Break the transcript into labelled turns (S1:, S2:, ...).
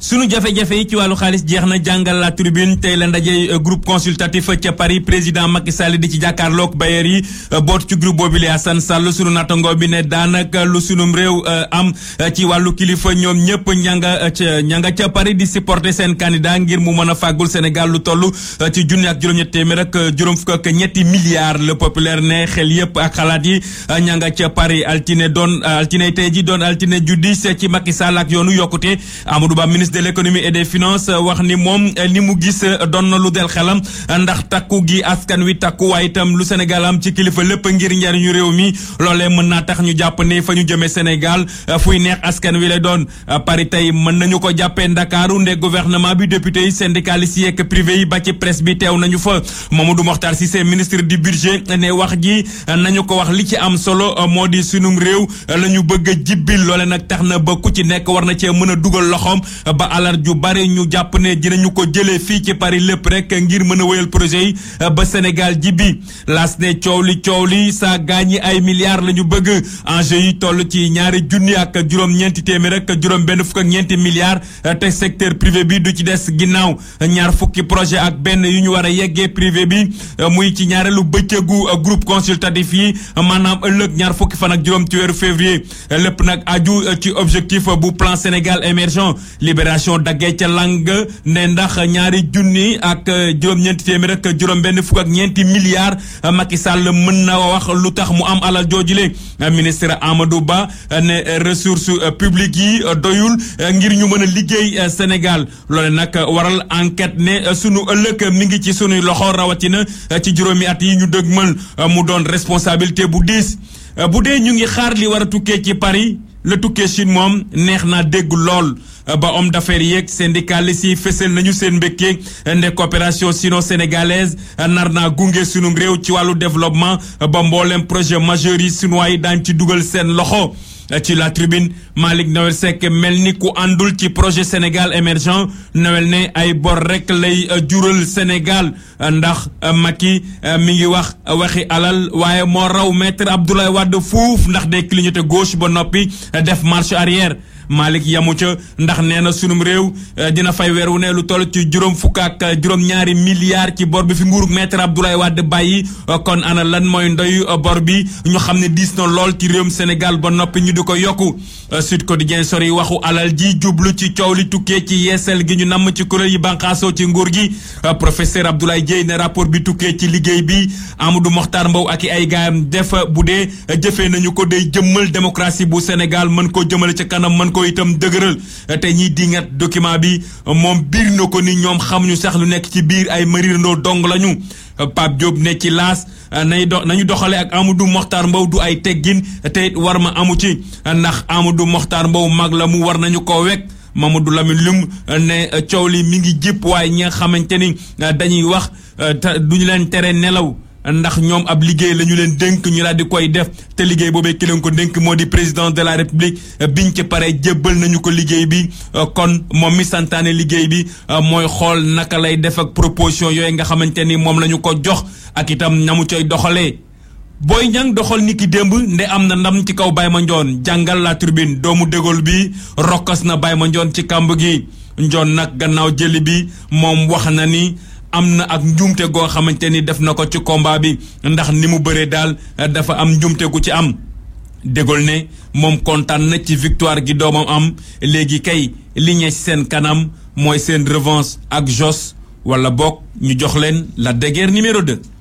S1: sunu jafe-jafe yi ci wàllu xaalis jeex na jàngal la tribune tey la ndaje euh, groupe consultatif ca Paris président Macky Sall di ci jàkkaarloog bayer yi euh, boot ci groupe boobu la Assane Sall sunu nattangoo bi ne daanaka lu sunum réew euh, am ci wàllu kilifa ñoom ñëpp ñanga ca ñanga ca Paris di supporter seen candidat ngir mu mën a fàggul Sénégal lu toll ci junni juróom-ñett juróom fukk ñetti milliards le populaire ne xel yëpp ak xalaat yi ñanga ca Paris altine doon altine tey ji doon altine ju diis ci Macky Sall Amadou Ba ministre de l'économie et des finances wax ni moom li mu gis doon lu del xelam ndax takku gi askan wi takku waaye itam lu Sénégal am ci kilifa lépp ngir njariñu réew mi loolee mën na tax ñu jàpp ne fa ñu jëmee Sénégal fuy neex askan wi la doon Paris tey mën nañu ko jàppee Ndakaaru nde gouvernement bi député yi syndicalistes yi privé yi ba ci presse bi teew nañu fa Mamadou Mokhtar Cissé ministre di budget ne wax ji nañu ko wax li ci am solo moo di sunum réew la a jibbil loole nag tax na ba a loxoom ba alal ju bare ñu jàpp ne dinañu ko jëlee fii ci Paris lépp rek ngir mën a wéyal projet yi euh, ba Sénégal ji bi las coow li coow li saa gaañi ay milliards la ñu bëgg enjeu yi toll ci ñaari junni ak juróom-ñeenti téeméer ak juróom-benn fukk ak ñeenti milliards euh, te secteur privé bi du ci des ginnaaw ñaar fukki projet ak benn yi ñu war yeggee privé bi euh, muy ci ñaareelu bëccëgu groupe consultatif yi maanaam ëllëg ñaar fukki fan ak juróom ci weeru février lépp nag aju ci objectif bu plan Sénégal émergent libération daggee ca lang ne ndax ñaari junni ak juróom-ñeenti téeméer benn fukk ak ñeenti milliards Macky Sall mën na wax lu tax mu am alal joojule ministre Amadou Ba ne ressources publiques yi doyul ngir ñu mën a liggéey Sénégal loole nag waral enquête ne sunu ëllëg mi ngi ci sunuy loxo rawatina ci juróomi at yi ñu dëgmal mu doon responsabilité bu diis bu dee ñu ngi xaar li war a tukkee ci Paris la tukkee Chine moom neex naa dégg lool ba homme d'affaires yeeg syndicaliste yi fësal nañu seen mbégte ne coopération sino-sénégalaise nar naa gunge sunu réew ci wàllu développement ba mboolem projet majeur yi chinois yi daañu ci dugal seen loxo. ci la tribune Malick Noël Seck mel ni ku àndul ci projet Sénégal émergent nawel ne ay bor rek lay jural Sénégal ndax Macky mi ngi wax waxi alal waaye moo raw maître Abdoulaye Wade fuuf ndax day clignoter gauche ba noppi def marche arrière. Malick yamu ca ndax nee na sunum réew eh, dina fay weer wu ne lu toll ci juróom fukk ak eh, juróom-ñaari milliards ci bor bi fi nguurug maître Abdoulaye Wade bàyyi eh, kon ana lan mooy ndoy bor bi ñu xam ne diis na lool ci réewum Sénégal ba noppi ñu di ko yokku Sud Quotidien sori waxu alal ji jublu ci coow li tukkee ci yeesal gi ñu namm ci kuréel yi banqaasoo ci nguur gi professeur Abdoulaye Dieye ne rapport bi tukkee ci liggéey bi Amadou Mokhtar Mbow ak i ay gaayam def bu dee jëfee nañu ko day jëmmal démocratie bu Sénégal mën koo jëmale ca kanam mën ko ko itam dëgëral te ñiy dingat document bi moom biir na ko ni ñoom xam ñu sax lu nekk ci biir ay mariirandoo dong lañu Pape Diop ne ci laas nañu dox nañu doxale ak Amadou Mokhtar mbaw du ay teggin tey war ma amu ci ndax Amadou Mokhtar Mbow mag la mu war nañu ko wekk du lamit Loum ne coow li mi ngi jëpp waaye ñi nga xamante ni dañuy wax duñu leen tere nelaw ndax ñoom ab liggéey la ñu leen dénk ñu daal di koy def te liggéey boobee ki leen ko dénk moo di président de la république ñu ci pare jébbal nañu ko liggéey bi kon moom mi santaane liggéey bi mooy xool naka lay def ak proposition yooyu nga xamante ni moom la ñu ko jox ak itam na mu cay doxalee. booy Niang doxal ni ki démb nde am na ndam ci kaw ma Mandione jàngal la turbine doomu dégol bi rokkas na ma Mandione ci kàmb gi njoon nag gannaaw jëli bi moom wax na ni. am na ak njuumte goo xamante ni def na ko ci komba bi ndax ni mu bëree daal euh, dafa am njuumte gu ci am dégol ne moom kontaan na ci victoire gi doomam am léegi kay li ñe seen kanam mooy seen revanche ak jos wala boog ñu jox leen la déguerre numéro 2.